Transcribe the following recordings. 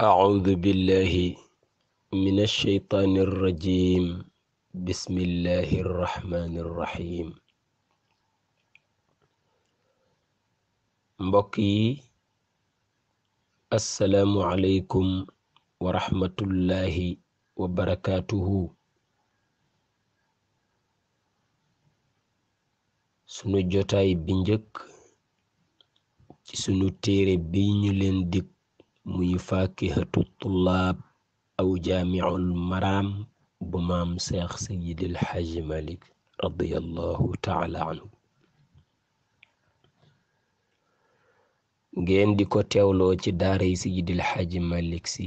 أعوذ بالله من الشيطان الرجيم بسم الله الرحمن الرحيم مبكي السلام عليكم ورحمة الله وبركاته sunu jotaay bi njëkk ci sunu téere bi ñu leen dikk muy fakihatu tullaab aw jaamiul maraam bu maam seex sayidil xaaji malik radiallahu taala anhu ngeen di ko teewloo ci daaray sayidil malik si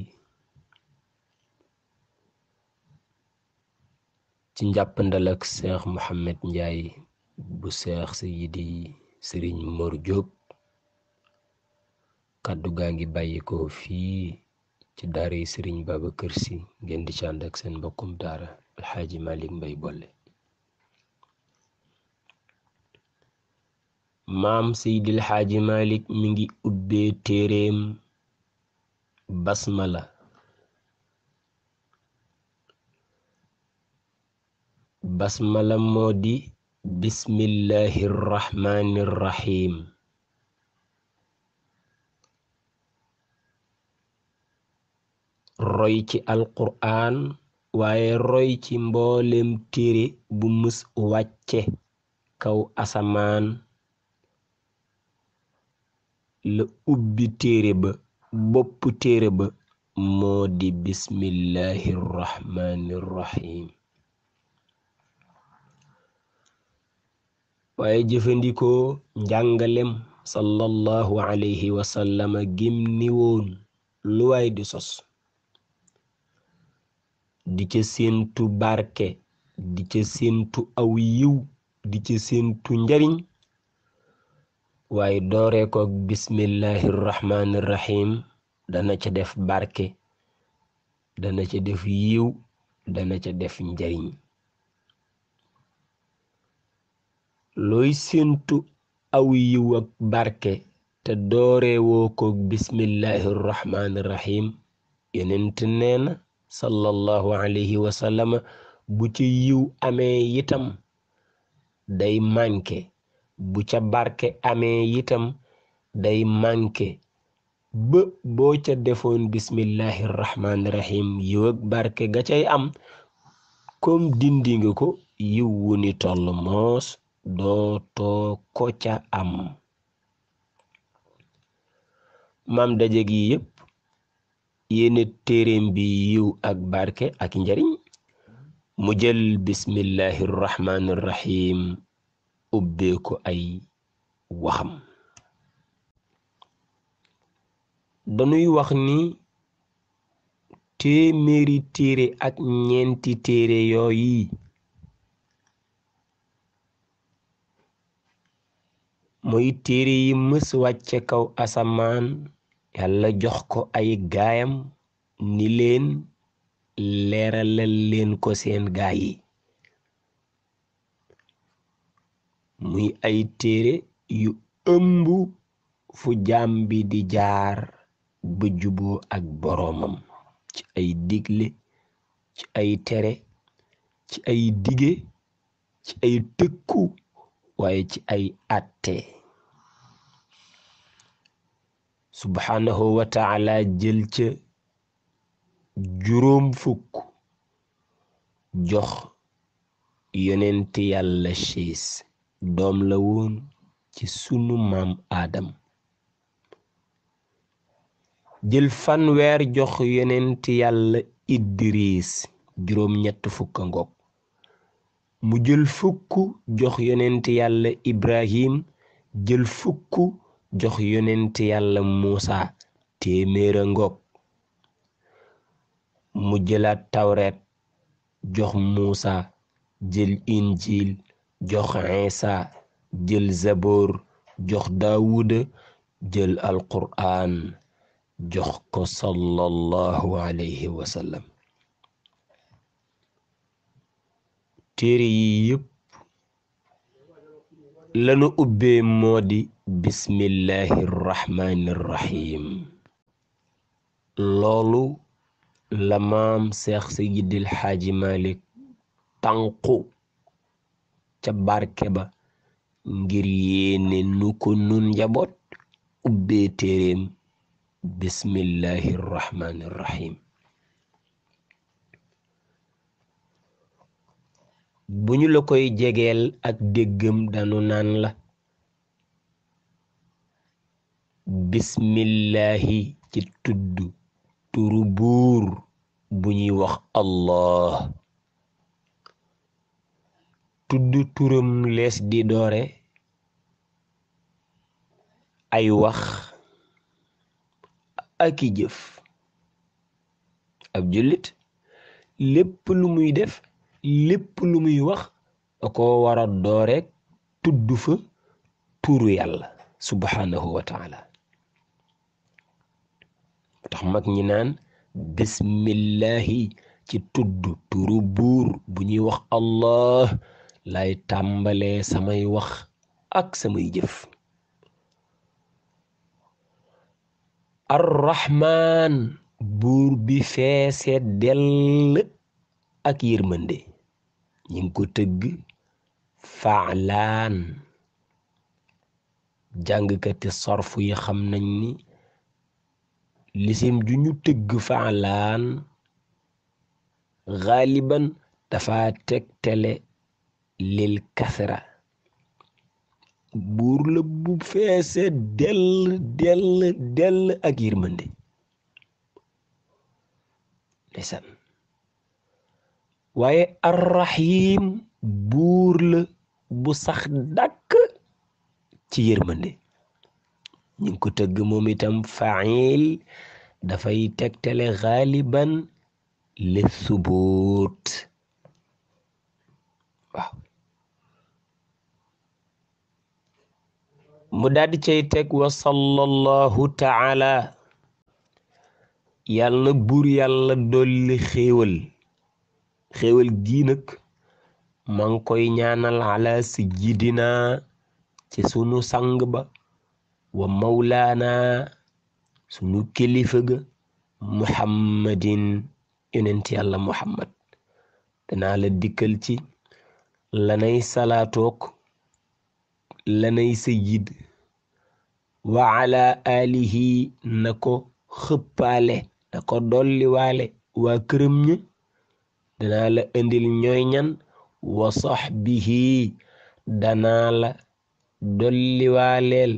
ci njàppandal ak seex mohammed njaay bu seex sëriñ mor kàddu gaa ngi bàyyikoo fii ci daara yi sëriñ Babacar Sy ngeen di ci ànd ak seen mbokkum daara alxaaji Malick Mbaye Bollé maam seydil xaaji Malick mi ngi ubbee téeréem basmala basmala moo di bismillahi rrahmani roy ci alqur'an waaye roy ci mboolem téere bu mës wàcce kaw asamaan la ubbi téere ba bopp téere ba moo di bismillahi rrahmani rrahim waaye jëfandikoo njàngalem sallallahu alayhi wa sallama gim ni woon lu waay di sos di ca sintu barke di ci séentu aw yiw di ci sintu njariñ waaye dooree ko bismillahi dana ca def barke dana ci def yiw dana ca def njariñ looy sintu aw yiw ak barke te dooree woo ko bismillahi rahmaani rahim yenent sallallahu alayhi wa bu ci yiw ame itam day manqué bu ca barke ame itam day manqué ba boo ca defoon bismillahi rahmaani barke ga cay am comme dindi ko yiw wu ni moos dootoo ko ca am maam dajeeg yi yëpp yéene téeréem bi yiw ak barke ak njariñ mu jël bismillahi rahmaani rahim ay waxam dañuy wax ni téeméeri téere ak ñeenti téere yi mooy téere yi mës wàcce kaw asamaan yàlla jox ko ay gaayam ni leen leeralal leen ko seen gaay yi muy ay téere yu ëmb fu jaam bi di jaar ba juboo ak boroomam ci ay digle ci ay tere ci ay dige ci ay tëkku waaye ci ay atte subhanahu wa jël ca juróom fukk jox yonent yàlla siis doom la woon ci sunu maam aadam jël fanweer jox yonent yàlla idris juróom ñett fukk a ngoog mu jël fukk jox yonent yàlla ibrahim jël fukk jox yonent yàlla Muusa téeméer a ngoog mu jëlaat tawreet jox Muusa jël injil jox Isa jël zaboor jox Daawuda jël alqur'aan jox ko sallallahu alayhi wa sallam téere yi yëpp lanu ubbee moo di bismillahi rahmaani rahim loolu la maam seex sayyidil xaaji malik tànqu ca barke ba ngir yéene nu ko nun njaboot ubbee téeréem bismillahi rahmaani rahim bu ñu la koy jegeel ak déggam dañu naan la bismillahi ci tudd turu buur bu ñuy wax allah tuddu turam lees di doore ay wax ak i jëf ab jullit lépp lu muy def lépp lu muy wax da koo war a doore tudd fa turu yàlla subhanahu wa taala tax mag ñi naan bismillahi ci tudd turu buur bu ñuy wax allah lay tambale samay wax ak samay jëf arrahman buur bi feese dell ak yërmande ñi ngi ko tëgg faalaan jàngkati sorfu yi xam ni lisim ju ñu tëgg faalaan xaaliban dafa tegtale lil kasra buur la bu feese dell dell dell ak yërmande ndeysaan waaye arrahim buur la bu sax dàkk ci yërmande ñu ko tëgg moom itam fail dafay tegtale xaaliban li subuut waaw mu daldi cay teg wa sallallahu taala yàlla na buur yàlla dolli xéewal xéewal gii nag koy ñaanal ala sayyidina ci sunu sang ba wa mawlaana sunu kilifa ga muhammadin yonent yàlla muhammad danaa la dikkal ci lanay salaatoog lanay sayid wa ala alihi na ko xëppaale na ko dolliwaale waa këram ña danaa la indil ñooy ñan wa sahbihi danaa la dolliwaaleel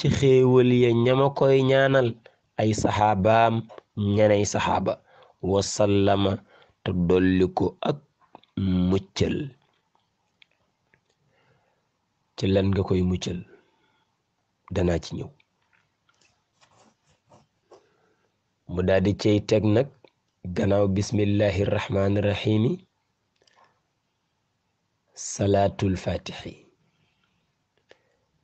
ci xéewal ya ñama koy ñaanal ay saxaabaam ñanay saxaaba wasallama te dolli ko ak muccal ci lan nga koy muccal danaa ci ñëw mu daldi cey teg nag gannaaw bismillahi irrahmaani irrahimi salaatul fatixi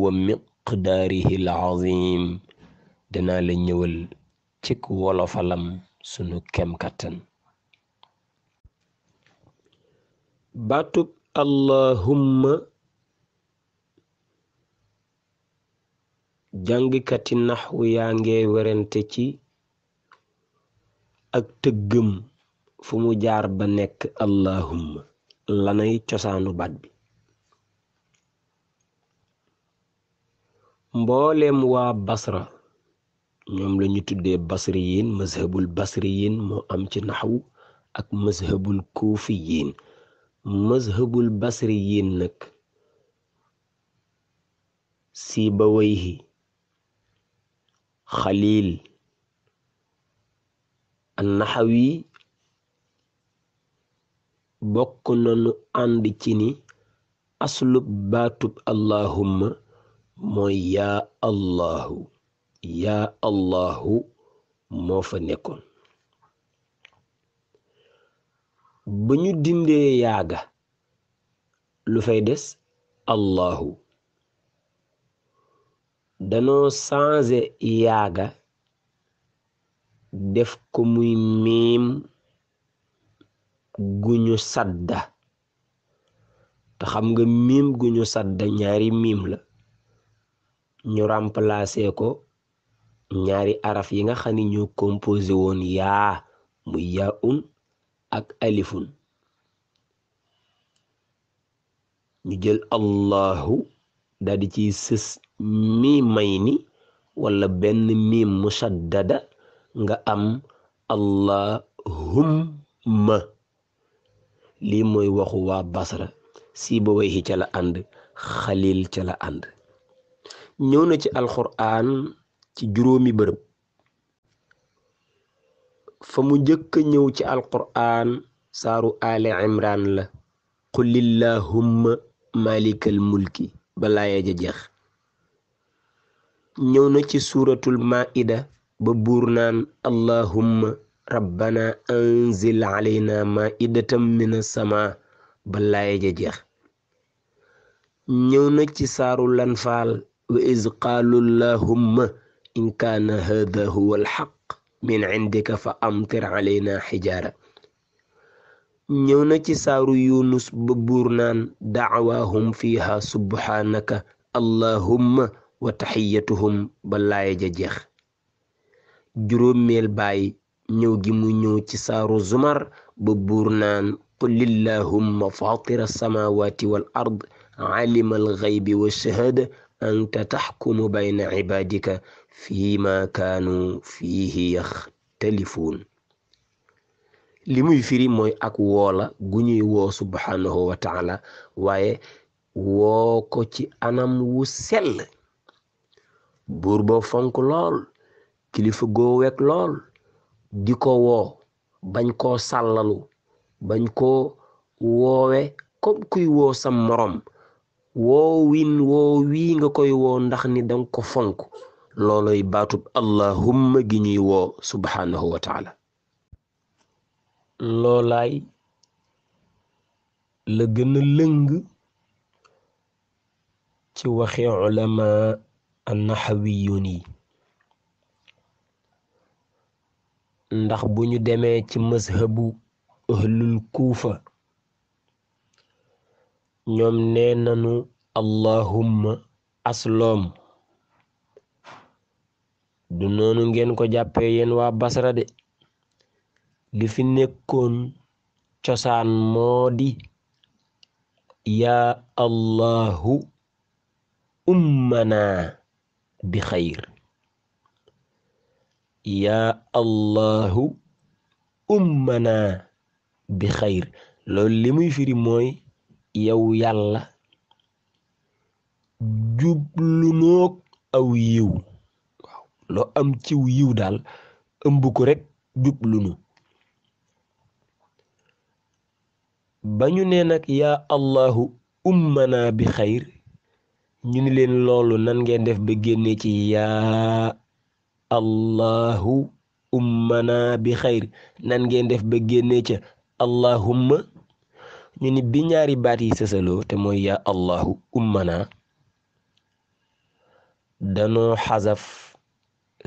wa miqdaarihi alazim danaa la ñëwal cik wolofalam sunu kemkattan baatub allahumma jàngkati naxwu yaa ngee werante ci ak tëggam fu mu jaar ba nekk allahumma lanay cosaanu baat bi mbooleem waa basra ñoom la ñu tuddee basriyin mazhabul basriyin moo am ci naxwu ak kuufi mazhabul kuufiyin mazhabul basriyin nag Sibawayhi Xaliil an-Naxawi bokk na nañu ànd ci ni aslub baatub allahumma mooy yaa allahu yaa allahu moo fa nekkoon ba ñu dindee yaaga lu fay des allahu danoo changé yaaga def ko muy miim guñu sadda te xam nga miim guñu sadda ñaari miim la ñu remplacer ko ñaari araf yi nga xani ñu composé yaun ya ak alifun ñu jël allahu daldi ci ses mi mayni ni wala ben mi musaddada nga am allahumma li moy waxu wa basra si bo way ci la and khalil ci la and ñëw na ci alxuraan ci juróomi bërëb fa mu jëkk a ñëw ci alqur'aan saaru aali imraan la qulillahumma malikal mulki balaa ya ja jeex ñëw na ci suuratul maida ba buur naan allahumma rabbana anzil alayna maidatan min assama balaa ya ja jeex na ci saaru lanfaal وإذ قالوا اللهم إن كان هذا هو الحق من عندك فأمطر علينا حجارة نيونا تسار يونس ببورنان دعواهم فيها سبحانك اللهم وتحيتهم بالله جيخ جروم ميل باي نيو جيمو نيو تسار زمر ببورنان قل اللهم فاطر السماوات والأرض عالم الغيب والشهاده anta taxkumu bayna cibaadika fii ma kaanu fiihi yaxtalifuun li muy firi mooy ak woola gu ñuy woo subhaanahu wa waaye woo ko ci anam wu sell buur boo fonk lool kilifa goo wekk lool di ko woo bañ koo sàllalu bañ koo woowe comme kuy woo sa moroom woowin woo wii nga koy woo ndax ni danga ko fonk looloy baatub allahumma gi ñuy woo subhaanahu wa taala loolaay la gën lëng ci waxe ulama annaxawiyun yi ndax bu ñu demee ci mazhabu ahlul kuufa ñoom nee nanu allahumma asloom du noonu ngeen ko jàppee yen waa basrade de li fi nekkoon cosaan moo di yaa allahu ummana bi xayr yaa allahu ummana bi xayr loolu li mooy yow yàlla jublu noog aw yiw waaw loo am ciw yiw daal ëmb ko rekk jublu nu ba ñu nee nag yaa allahu ummana bi xayr ñu ni leen loolu nan ngeen def ba génne ci yaa allahu ummana bi xayr nan ngeen def ba génne ca allahumma ñu ni bi ñaari baat yi sësaloo te mooy yaa allahu ummana danoo xasaf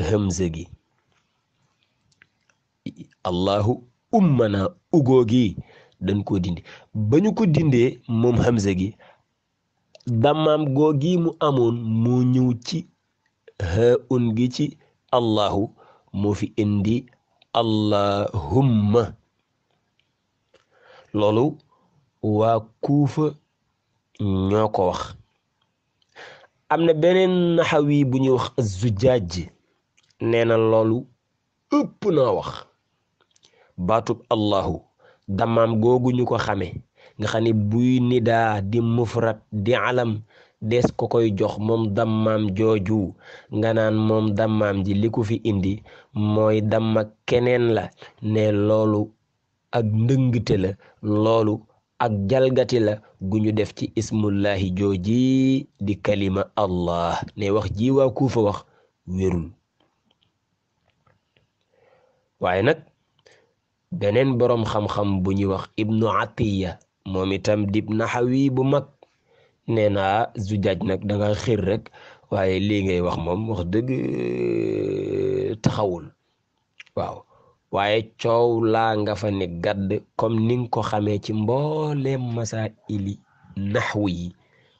hamza gi allahu ummana ugoo gi dañ ko dindi ba ko dindee moom hamza gi dammaam goo gi mu amoon moo ñëw ci haun gi ci allahu moo fi indi allahumma loolu waa kuufa ñoo ko wax am na beneen naxawi bu ñuy wax az-Zujjaaj nee na loolu ëpp naa wax baatub allahu damaam googu ñu ko xame nga xam buy nidaa di mufrat di alam des ko koy jox moom dammaam jooju nga naan moom dammaam ji li ko fi indi mooy damma keneen la ne loolu ak ndëngte la loolu ak jalgati la gu ñu def ci ismullahi jooji di kalima allah ne wax ji waa kuufa wax wérul waaye nag beneen boroom xam-xam bu ñuy wax ibnu atiya moom itam dib naxawi bu mag nee naa zujaaj nag danga xir rek waaye lii ngay wax moom wax dëgg taxawul waaw waaye coow laa nga fa ne gàdd comme ning ko xamee ci mbooleem masaa'ili naxwu yi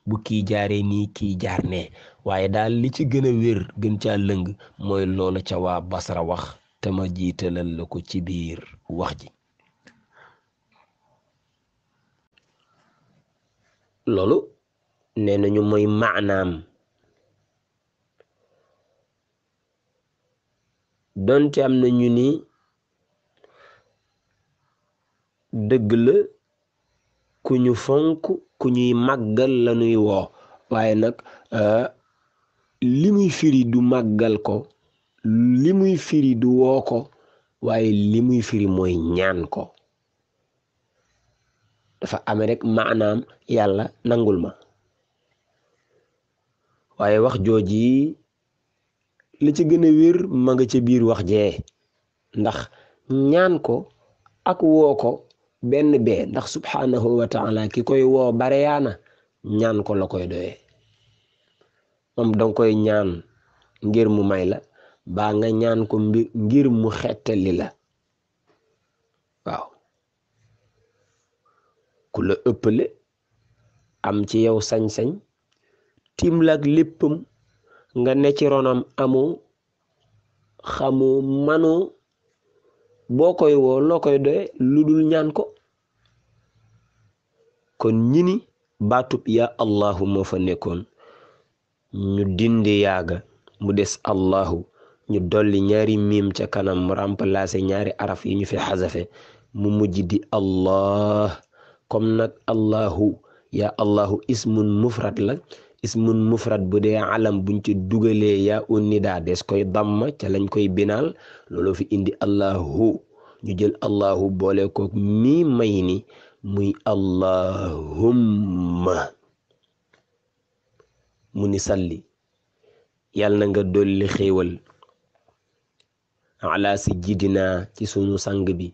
bu kii jaaree nii kii jaar waaye daal li ci gën a wér gën ca lëng mooy loola ca waa Basra wax te ma jiitalal la ko ci biir wax ji loolu nee nañu mooy maanaam donte am na ñu ni dëgg la ku ñu fonk ku ñuy màggal la woo waaye nag euh, li firi du màggal ko limuy muy firi du woo ko waaye limuy muy firi mooy ñaan ko dafa ame rekk maanaam yàlla nangul ma waaye wax jooji li ci gëna a wér ma nga ca biir wax jee ndax ñaan ko ak woo ko benn bee ndax subhanahu wa taala ki koy woo bareyaana ñaan ko la koy doyee moom danga koy ñaan ngir mu may la ba nga ñaan ko ngir mu xettali la waaw ku la ëppale am ci yow sañ-sañ tiim la ak nga ne ci ronam amoo xamoo manoo boo koy woo loo koy doye lu dul ñaan ko kon ñi ni ya yaa allahu moo fa nekkoon ñu dindi yaaga mu des allahu ñu dolli ñaari miim ca kanam remplacer ñaari araf yi ñu fi xasafe mu mujj di allah comme nag allahu yaa allahu ismun mufrad la ismun mufrad bu dee alam buñ ci dugalee yaa un nidaa koy damm ca lañ koy binaal looloo fi indi allahu ñu jël allahu boole koog mii may ni muy allahumma mu ni salli yàlla na nga dolli xéewal ala sayyidina ci sunu sang bi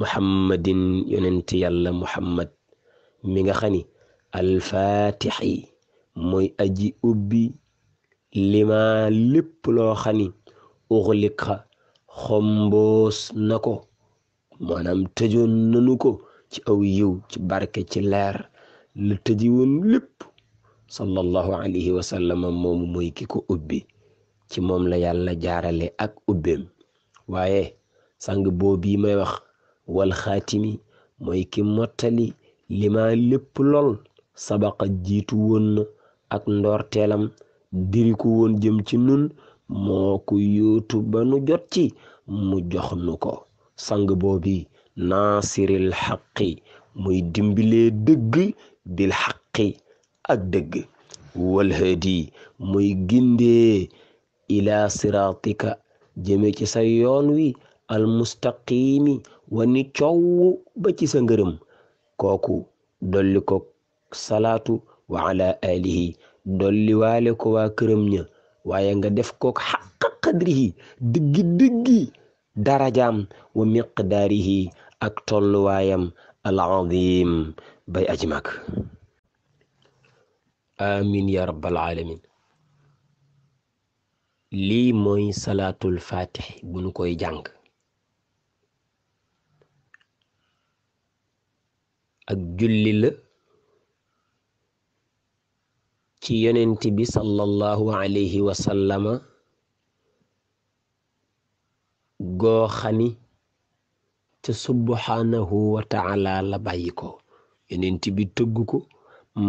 muhammadin yonent yàlla muhammad mi nga xam ni mooy aji ubbi lima lépp loo xani uxlik xa xomboos na ko maanaam tëjoon nanu ko ci aw yiw ci barke ci leer lu tëji woon lépp sallallahu alayhi wa sallam moom ki ko ubbi ci moom la yàlla jaarale ak ubbeem waaye sang boobii may wax wal xaatimi mooy ki mottali lima lépp lool sabaqa jiitu woon ak ndortelam ndorteelam diriku woon jëm ci nun moo ko yóotu ba nu jot ci mu jox nu ko sang boobi naasiril xaqi muy dimbilee dëgg dil xaqi ak dëgg walhadi muy gindee ilaa siraatika jëme ci sa yoon wi almustaqimi wa ni coow ba ci sa ngërëm kooku dolli ko salaatu wa alihi dolli waale ko wa këram ña waaye nga def kook xaqa qadrihi dëggi dëggi darajaam wa miqdaarihi ak tolluwaayam al azim bay aji mag amin ya rabbal alamin lii mooy salaatul fatih bu nu koy jàng ak julli la ci yonent bi sallallahu alayhi wa sallama goo xani te subhanahu wa taala la bàyyi ko yonent bi tëgg ko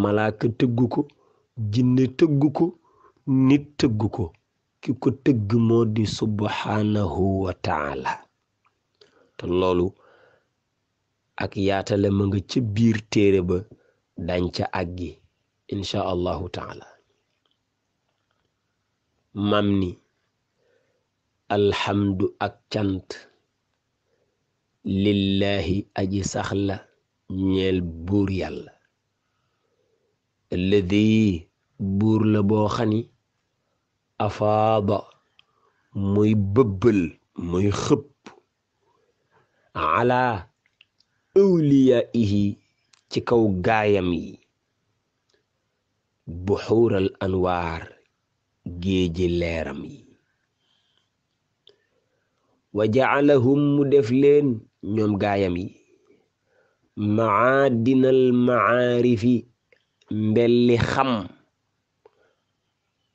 malaaka tëgg ko jinne tëgg ko nit tëgg ko tëgg moo di subhanahu wa taala te loolu ak yaatale ma nga ca biir téere ba dañ ca àggi insha allahu taala mam ni alhamdu ak cant lillahi aji saxla ñeel buur yàlla alladi buur la boo xani afaada muy bëbbal muy xëpp ala awliyaa ihi ci kaw gaayam buxuural anwaar géeji leeram yi wa jacalahum mu def leen ñoom gaayam yi maadinal macaarifi mbelli xam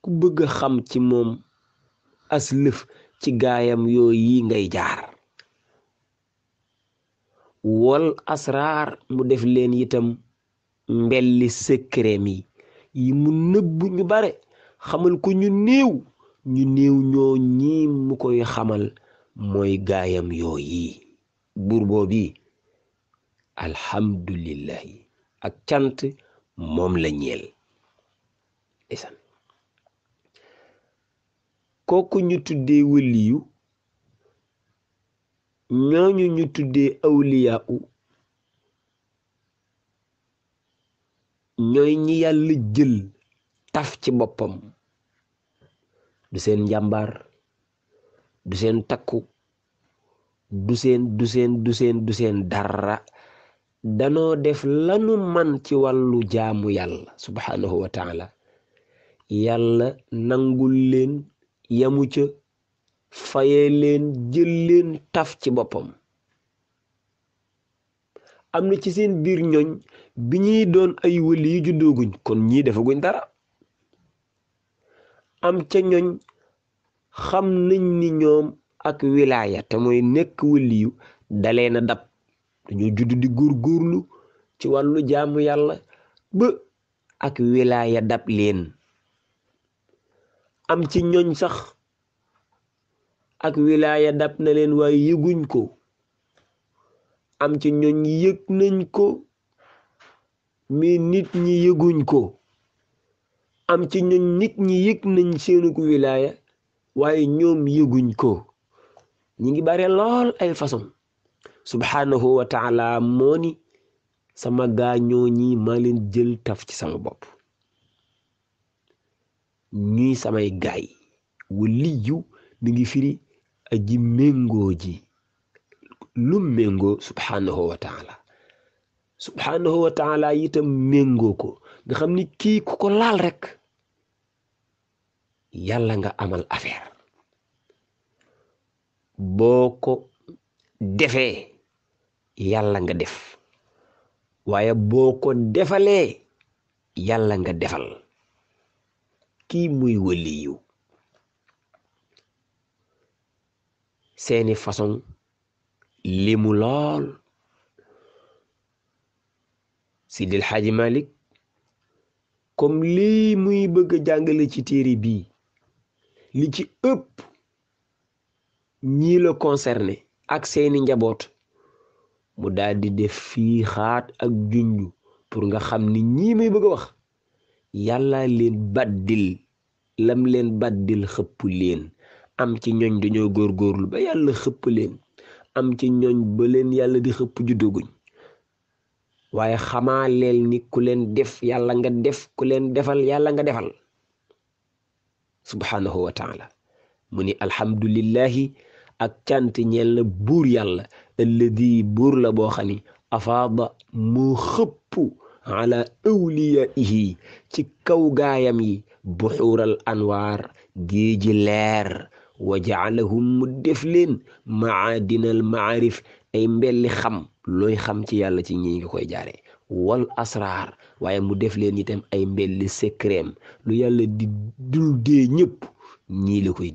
ku bëgg a xam ci moom aslëf ci gaayam yoo yi ngay jaar wal asraar mu def leen itam mbelli sëkkëreem yi mu nëbb ñu bare xamal ko ñu néew ñu néew ñoo ñii mu koy xamal mooy gaayam yooyi buur boobi alhamdulillahi ak cant moom la ñeel isan kooku ñu tuddee wëliyu ñooñu ñu tuddee awliyaa u ñooy ñi yàlla jël taf ci boppam du seen njàmbaar du seen takku du seen du seen du seen du seen dara danoo def lanu man ci wàllu jaamu yàlla subhanahu wa yàlla nangul leen yamu ca faye leen jël leen taf ci boppam am na ci seen biir ñooñ bi ñuy doon ay wëli yu juddooguñ kon ñii defaguñ dara am ca ñooñ xam nañ ni ñoom ak wilaaya te mooy nekk wëli yu dalee na dab dañoo judd di góorgóorlu ci wàllu jaamu yàlla ba ak wilaaya dab leen am ci ñooñ sax ak wilaaya dab na leen waaye yëguñ ko am ci ñooñ yëg nañ ko mais nit ñi yëguñ ko am ci ñooñ nit ñi yëg nañ seenu ko wilaaya waaye ñoom yëguñ ko ñi ngi bare lool ay façon subhaanahu wa taala moo sama gaañoo ñi maa leen jël taf ci sama bopp ñuy samay gaay waliyu mi ngi firi aji méngoo ji lu méngoo subhaanahu wa taala subhaanahu wa taala itam méngoo ko nga xam ni kii ko laal rek yàlla nga amal affaire boo ko defee yàlla nga def waaye boo ko defalee yàlla nga defal kii muy wëli seeni façon limu lool Sidil Xaaji Malik comme lii muy bëgg a jàngale ci téere bii li ci ëpp ñii la concerné ak seeni njaboot mu daldi def fii xaat ak junju pour nga xam ni ñii may bëgg a wax yàlla leen baddil lam leen baddil xëpp leen am ci ñoñ góor góorgóorlu ba yàlla xëpp leen am ci ñooñ ba yàlla di xëpp juddaguñ waaye xamaa leel ni ku leen def yàlla nga def ku leen defal yàlla nga defal subhanahu wa mu ni alhamdulillahi ak cant ñeel buur yàlla alladi buur la boo xam ni afaada mu xëpp ala awliyaihi ci kaw gaayam yi buxuural anwaar géeji leer wa jaalahum mu def leen maadinal maarif ay mbelli xam looy xam ci yàlla ci ñi nga koy jaare wal asraar waaye mu def leen itam ay mbelli sekrem lu yàlla di dul ñépp ñëpp ñii la koy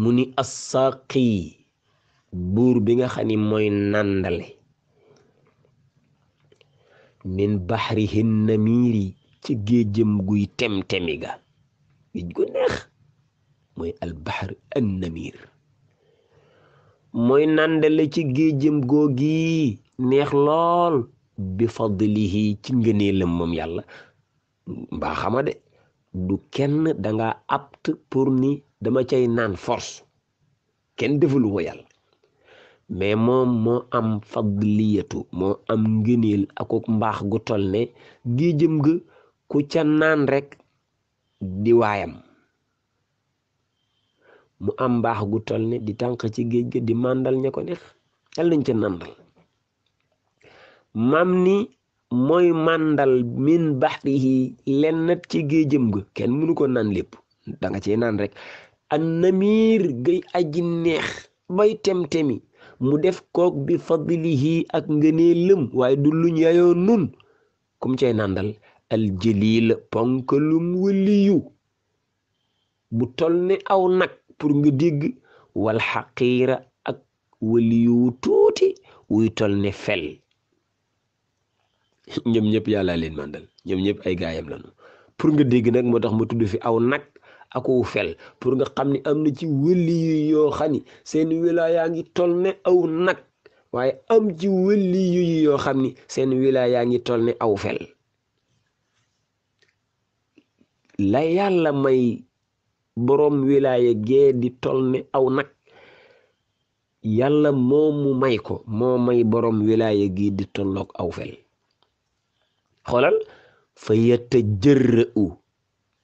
mu ni assaaqi buur bi nga xam ni mooy nàndale min baxrihin namiiri ci géejëm guy tem-temi ga géej gu neex mooy albaxar an namir mooy nandale ci géejëm googi neex lool bi fadlihi ci ngëneelam moom yàlla mbaa xama de du kenn danga apte pour ni dama cay naan fors kenn defalu ko yàlla mais moom moo am fadliyatu moo am ngëneel ak mbaax gu toll ne géejëm ga ku ca naan rek di waayam mu am mbaax gu toll ne di tànq ci géej ga di màndal ña ko neex yàlla nañ ca nàndal mam ni mooy màndal min baxrihi lennat ci géejëm ga kenn mënu ko naan lépp danga nga naan rek an namiir gay aji neex bay temtemi mu def koog bi fadlihi ak ngënee lëm waaye du luñ yayoo nun kum cay nàndal aljalil ponkalum waliyu bu tol ne aw nag pour nga dégg wal xaqiira ak waliyu tuuti wuy tol ni fel ñoom ñëpp yàllaa leen mandal ñoom ñëpp ay gaayam lañu pour nga dégg nag moo tax ma tudd fi aw nag ak aw fel pour nga xam ni am na ci waliyu yoo xam ni seen wilaayaa ngi tol ne aw nag waaye am ci waliyu yoo xam ni seen wilaayaa ngi tol ne aw fel la yàlla may boroom wilaaya gee di tol ni aw nag yàlla moomu may ko moo may boroom wilaaya gii di tolloog aw fel xoolal fa yetta jërë u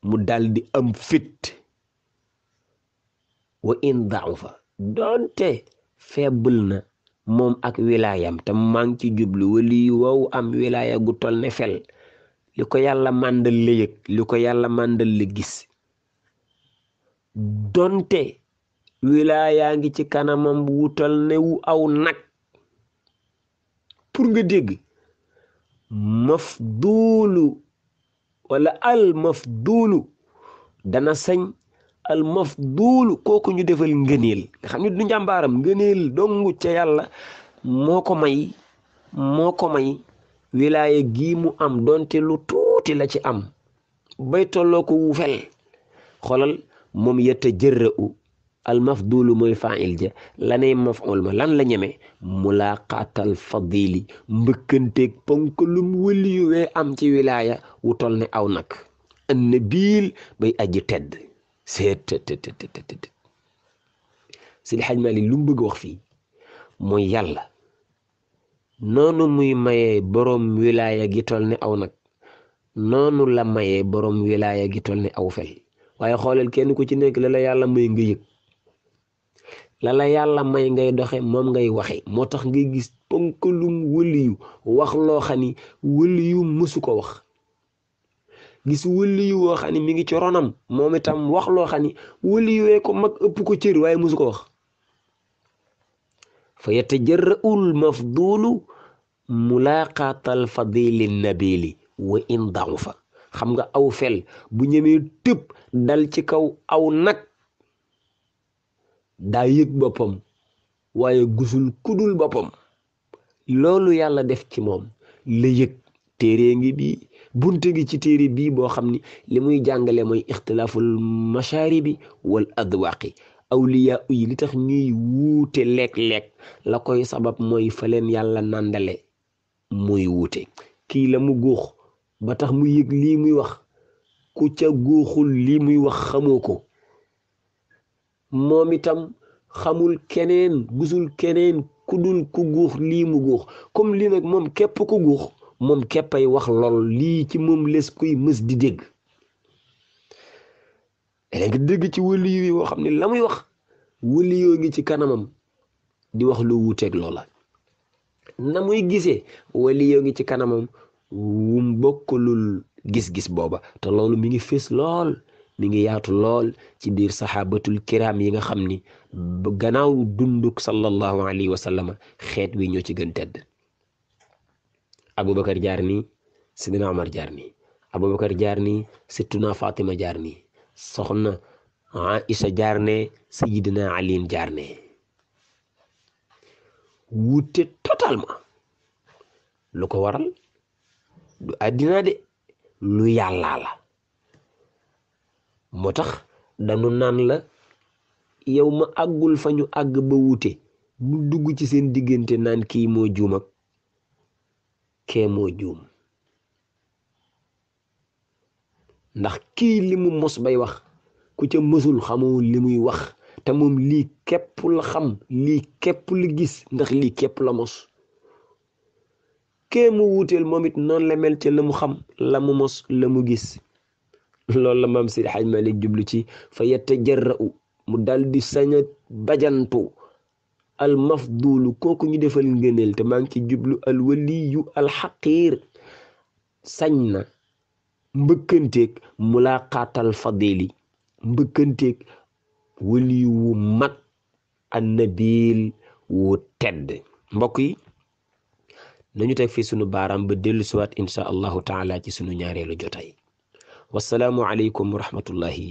mu daldi am fit wa in daaw fa doonte faible na moom ak wilaayam te maa ngi ci jublu wali wow am wilaaya gu tol ne fel li ko yàlla màndal yëg li ko yàlla màndal la gis donte wilaayaa ngi ci kanamam wutal ne wu aw nag pour nga dégg mafduulu walla al mafduulu dana sañ al mafduulu kooku ñu defal ngëneel nga xam ne du njàmbaaram ngëneel dong ca yàlla moo may moo ko may wilaaye gii mu am donte lu tuuti la ci am bay tolloo ko wufel xolal moom yetta jërra u almafdulu mooy la ja lanay maful ma lan la ñeme mulaaqaatal fadili mbëkkanteeg ponkalum wëli yu wee am ci wilaaya wu ne aw nag anna biil bay aji tedd seet tëdd tëdd tëdd li lu bëgg wax fii mooy yàlla noonu muy mayee boroom wilaaya gi tol ni aw nag noonu la mayee boroom wilaaya gi tol ni aw fel waaye xooleel kenn ku ci nekk la yàlla may nga yëg la yàlla may ngay doxe moom ngay waxe moo tax ngay gis ponkalum wëliyu wax loo xam ni wëliyu mësu ko wax gis wëliyu woo xam ni mi ngi ci ronam moom itam wax loo xam ni wëliyuwee ko mag ëpp ko cër waaye mësu ko wax fa yatajarra'ul mafdulu mulaqatal fadili nabili wa in fa xam nga aw fel bu ñëmee tëb dal ci kaw aw nag daa yëg boppam waaye gusul kudul boppam loolu yàlla def ci moom la yëg téere ngi bii bunte gi ci téere bi boo xam ni li muy jàngale mooy ixtilaaful machaaribi wal adwaaqi aw awliya yi li tax ñuy wuute lekk la koy sabab mooy fa leen yàlla nàndale muy wuute kii la mu góox ba tax mu yëg lii muy wax ku ca guuxul lii muy wax xamoo ko moom itam xamul keneen gisul keneen ku dul ku guux lii mu guux comme lii nag moom képp ku guux moom képpay wax lool lii ci moom les kuy mës di dégg léeg ci wëli woo xam ne la muy wax wëli ngi ci kanamam di wax lu wuuteeg loola na muy gisee wëli yoo ngi ci kanamam wum bokkalul gis-gis booba te loolu mi ngi fis lool mi ngi yaatu lool ci biir saxaabatul kiraam yi nga xam ni gannaaw dunduk sallallahu alayhi wa sallam xeet wi ñoo ci gën tedd Aboubacar jaar nii Sidina Omar jaar nii Aboubacar jaar nii Sittuna Fatima jaar nii soxna Aïsa jaar ne sayidina aliin jaar ne totalement lu ko waral du àddina de lu yàllaa la moo tax danu naan la yow ma àggul fa ñu àgg ba wuute bu dugg ci seen diggante naan kii moo juum ak juum ndax kii li mu mos bay wax ku ca mosul xamoo li muy wax te moom lii képp la xam lii képp la gis ndax lii képp la mos kee mu wuuteel moom it noonu la mel ca la mu xam la mu mos la mu gis loolu la maam Seydi Haj Malik jublu ci fa yette jërra mu daldi di bajantu al mafdulu kooku ñu defal ngëneel te maa ngi ci jublu al waliyu al xaqiir sañ na mbëkkanteeg mulaqaatal fadili mbëkkanteeg wali wu mag annabil wu tedd mbokk yi nañu teg fii sunu baaraam ba dellu siwaat insha allahu taala ci sunu ñaareelu jotaay wasalaamu aleykum wa rahmatullahi